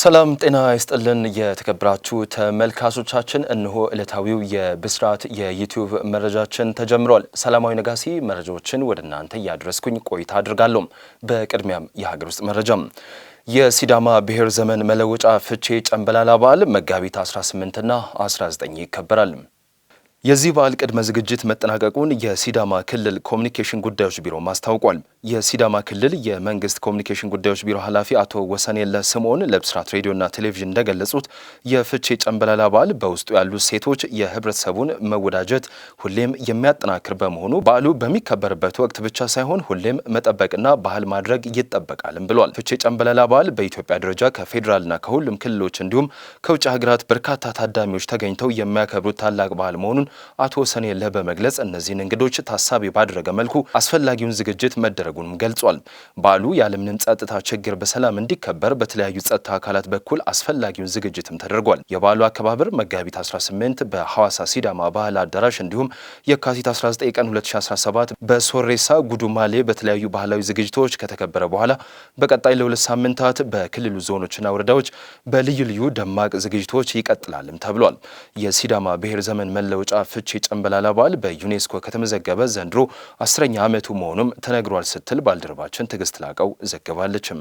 ሰላም ጤና ይስጥልን የተከበራችሁ ተመልካቾቻችን፣ እንሆ ዕለታዊው የብስራት የዩቲዩብ መረጃችን ተጀምሯል። ሰላማዊ ነጋሲ መረጃዎችን ወደ እናንተ እያደረስኩኝ ቆይታ አድርጋለሁ። በቅድሚያም የሀገር ውስጥ መረጃም የሲዳማ ብሔር ዘመን መለወጫ ፍቼ ጨንበላላ በዓል መጋቢት 18ና 19 ይከበራል። የዚህ በዓል ቅድመ ዝግጅት መጠናቀቁን የሲዳማ ክልል ኮሚኒኬሽን ጉዳዮች ቢሮ ማስታውቋል። የሲዳማ ክልል የመንግስት ኮሚኒኬሽን ጉዳዮች ቢሮ ኃላፊ አቶ ወሰኔለ ስምዖን ለብስራት ሬዲዮና ቴሌቪዥን እንደገለጹት የፍቼ ጨንበላላ በዓል በውስጡ ያሉ ሴቶች የህብረተሰቡን መወዳጀት ሁሌም የሚያጠናክር በመሆኑ በዓሉ በሚከበርበት ወቅት ብቻ ሳይሆን ሁሌም መጠበቅና ባህል ማድረግ ይጠበቃልም ብሏል። ፍቼ ጨንበላላ በዓል በኢትዮጵያ ደረጃ ከፌዴራልና ከሁሉም ክልሎች እንዲሁም ከውጭ ሀገራት በርካታ ታዳሚዎች ተገኝተው የሚያከብሩት ታላቅ በዓል መሆኑን አቶ ሰኔ ለህ በመግለጽ እነዚህን እንግዶች ታሳቢ ባደረገ መልኩ አስፈላጊውን ዝግጅት መደረጉንም ገልጿል። በዓሉ ያለምንም ጸጥታ ችግር በሰላም እንዲከበር በተለያዩ ጸጥታ አካላት በኩል አስፈላጊውን ዝግጅትም ተደርጓል። የበዓሉ አከባበር መጋቢት 18 በሐዋሳ ሲዳማ ባህል አዳራሽ እንዲሁም የካቲት 19 ቀን 2017 በሶሬሳ ጉዱማሌ በተለያዩ ባህላዊ ዝግጅቶች ከተከበረ በኋላ በቀጣይ ለሁለት ሳምንታት በክልሉ ዞኖችና ወረዳዎች በልዩ ልዩ ደማቅ ዝግጅቶች ይቀጥላልም ተብሏል። የሲዳማ ብሔር ዘመን መለወጫ ፍቼ ጨንበላላ በዓል በዩኔስኮ ከተመዘገበ ዘንድሮ አስረኛ ዓመቱ መሆኑም ተነግሯል ስትል ባልደረባችን ትዕግስት ላቀው ዘግባለችም።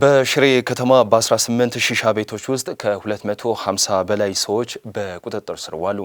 በሽሬ ከተማ በ18 ሺሻ ቤቶች ውስጥ ከ250 በላይ ሰዎች በቁጥጥር ስር ዋሉ።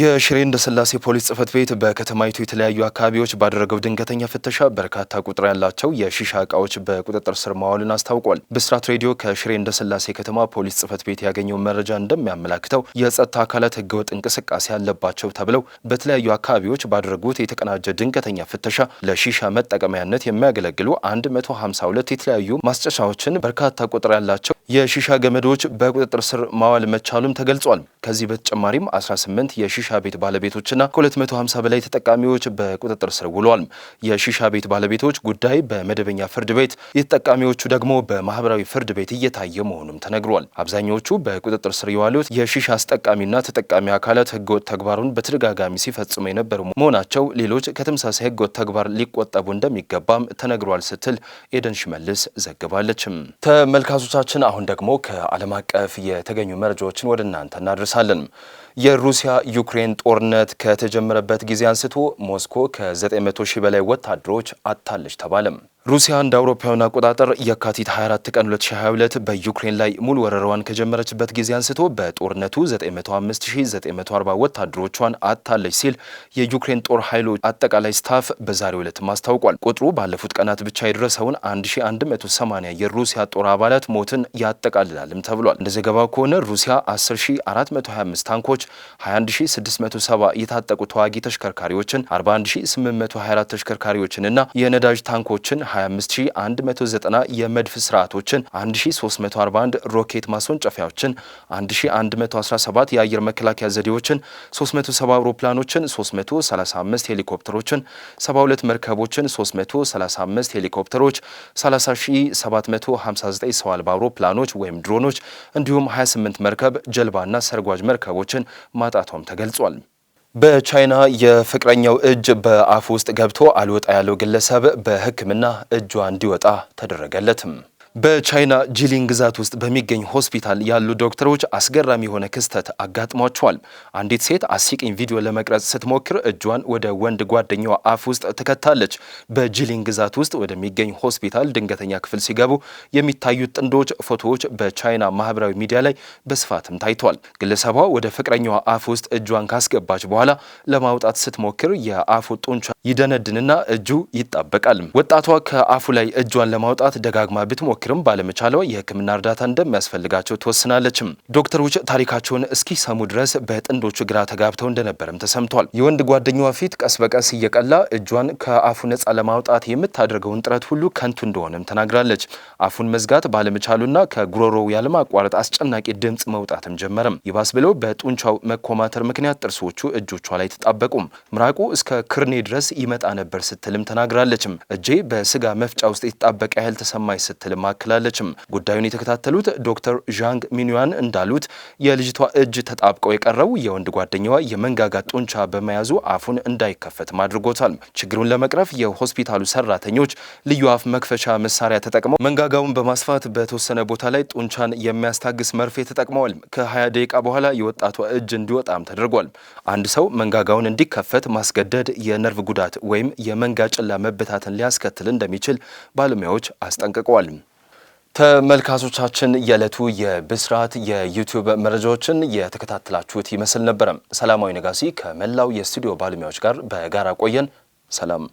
የሽሬ እንዳስላሴ ፖሊስ ጽፈት ቤት በከተማይቱ የተለያዩ አካባቢዎች ባደረገው ድንገተኛ ፍተሻ በርካታ ቁጥር ያላቸው የሺሻ እቃዎች በቁጥጥር ስር መዋሉን አስታውቋል። ብስራት ሬዲዮ ከሽሬ እንዳስላሴ ከተማ ፖሊስ ጽፈት ቤት ያገኘው መረጃ እንደሚያመላክተው የጸጥታ አካላት ህገወጥ እንቅስቃሴ አለባቸው ተብለው በተለያዩ አካባቢዎች ባደረጉት የተቀናጀ ድንገተኛ ፍተሻ ለሺሻ መጠቀሚያነት የሚያገለግሉ 152 የተለያዩ ማስጨሻዎችን፣ በርካታ ቁጥር ያላቸው የሺሻ ገመዶች በቁጥጥር ስር ማዋል መቻሉም ተገልጿል። ከዚህ በተጨማሪም 18 የሺሻ ቤት ባለቤቶችና ከ250 በላይ ተጠቃሚዎች በቁጥጥር ስር ውሏል። የሺሻ ቤት ባለቤቶች ጉዳይ በመደበኛ ፍርድ ቤት፣ የተጠቃሚዎቹ ደግሞ በማህበራዊ ፍርድ ቤት እየታየ መሆኑም ተነግሯል። አብዛኛዎቹ በቁጥጥር ስር የዋሉት የሺሻ አስጠቃሚና ተጠቃሚ አካላት ህገወጥ ተግባሩን በተደጋጋሚ ሲፈጽሙ የነበሩ መሆናቸው ሌሎች ከተመሳሳይ ህገወጥ ተግባር ሊቆጠቡ እንደሚገባም ተነግሯል ስትል ኤደን ሽመልስ ዘግባለችም። ተመልካቾቻችን አሁን ደግሞ ከዓለም አቀፍ የተገኙ መረጃዎችን ወደ እናንተ እናድርስ። እናስታውሳለን። የሩሲያ ዩክሬን ጦርነት ከተጀመረበት ጊዜ አንስቶ ሞስኮ ከ900 ሺህ በላይ ወታደሮች አጥታለች ተባለም። ሩሲያ እንደ አውሮፓውያን አቆጣጠር የካቲት 24 ቀን 2022 በዩክሬን ላይ ሙሉ ወረራዋን ከጀመረችበት ጊዜ አንስቶ በጦርነቱ 95940 ወታደሮቿን አጥታለች ሲል የዩክሬን ጦር ኃይሎች አጠቃላይ ስታፍ በዛሬው ዕለትም አስታውቋል። ቁጥሩ ባለፉት ቀናት ብቻ የደረሰውን 1180 የሩሲያ ጦር አባላት ሞትን ያጠቃልላልም ተብሏል። እንደ ዘገባው ከሆነ ሩሲያ 10425 ታንኮች፣ 21670 የታጠቁ ተዋጊ ተሽከርካሪዎችን፣ 41824 ተሽከርካሪዎችን እና የነዳጅ ታንኮችን 25190 የመድፍ ስርዓቶችን፣ 1341 ሮኬት ማስወንጨፊያዎችን፣ 1117 የአየር መከላከያ ዘዴዎችን፣ 370 አውሮፕላኖችን፣ 335 ሄሊኮፕተሮችን፣ 72 መርከቦችን፣ 335 ሄሊኮፕተሮች፣ 30759 ሰው አልባ አውሮፕላኖች ወይም ድሮኖች እንዲሁም 28 መርከብ ጀልባና ሰርጓጅ መርከቦችን ማጣቷም ተገልጿል። በቻይና የፍቅረኛው እጅ በአፍ ውስጥ ገብቶ አልወጣ ያለው ግለሰብ በሕክምና እጇ እንዲወጣ ተደረገለትም። በቻይና ጂሊን ግዛት ውስጥ በሚገኝ ሆስፒታል ያሉ ዶክተሮች አስገራሚ የሆነ ክስተት አጋጥሟቸዋል። አንዲት ሴት አስቂኝ ቪዲዮ ለመቅረጽ ስትሞክር እጇን ወደ ወንድ ጓደኛዋ አፍ ውስጥ ትከታለች። በጂሊን ግዛት ውስጥ ወደሚገኝ ሆስፒታል ድንገተኛ ክፍል ሲገቡ የሚታዩት ጥንዶች ፎቶዎች በቻይና ማህበራዊ ሚዲያ ላይ በስፋትም ታይቷል። ግለሰቧ ወደ ፍቅረኛዋ አፍ ውስጥ እጇን ካስገባች በኋላ ለማውጣት ስትሞክር የአፉ ጡንቻ ይደነድንና እጁ ይጣበቃል። ወጣቷ ከአፉ ላይ እጇን ለማውጣት ደጋግማ ብትሞክርም ባለመቻለው የሕክምና እርዳታ እንደሚያስፈልጋቸው ትወስናለችም። ዶክተሮች ታሪካቸውን እስኪሰሙ ድረስ በጥንዶቹ ግራ ተጋብተው እንደነበረም ተሰምቷል። የወንድ ጓደኛዋ ፊት ቀስ በቀስ እየቀላ እጇን ከአፉ ነፃ ለማውጣት የምታደርገውን ጥረት ሁሉ ከንቱ እንደሆነም ተናግራለች። አፉን መዝጋት ባለመቻሉና ከጉሮሮው ያለማቋረጥ አስጨናቂ ድምፅ መውጣትም ጀመረም። ይባስ ብለው በጡንቻው መኮማተር ምክንያት ጥርሶቹ እጆቿ ላይ ተጣበቁም። ምራቁ እስከ ክርኔ ድረስ ይመጣ ነበር ስትልም ተናግራለችም። እጄ በስጋ መፍጫ ውስጥ የተጣበቀ ያህል ተሰማኝ ስትልም አክላለችም። ጉዳዩን የተከታተሉት ዶክተር ዣንግ ሚኒዋን እንዳሉት የልጅቷ እጅ ተጣብቀው የቀረው የወንድ ጓደኛዋ የመንጋጋ ጡንቻ በመያዙ አፉን እንዳይከፈትም አድርጎታል። ችግሩን ለመቅረፍ የሆስፒታሉ ሰራተኞች ልዩ አፍ መክፈቻ መሳሪያ ተጠቅመው መንጋጋውን በማስፋት በተወሰነ ቦታ ላይ ጡንቻን የሚያስታግስ መርፌ ተጠቅመዋል። ከ20 ደቂቃ በኋላ የወጣቷ እጅ እንዲወጣም ተደርጓል። አንድ ሰው መንጋጋውን እንዲከፈት ማስገደድ የነርቭ ጉዳ ጉዳት ወይም የመንጋ ጭላ መበታተን ሊያስከትል እንደሚችል ባለሙያዎች አስጠንቅቀዋል። ተመልካቾቻችን የዕለቱ የብስራት የዩቲዩብ መረጃዎችን የተከታተላችሁት ይመስል ነበረ። ሰላማዊ ነጋሲ ከመላው የስቱዲዮ ባለሙያዎች ጋር በጋራ ቆየን። ሰላም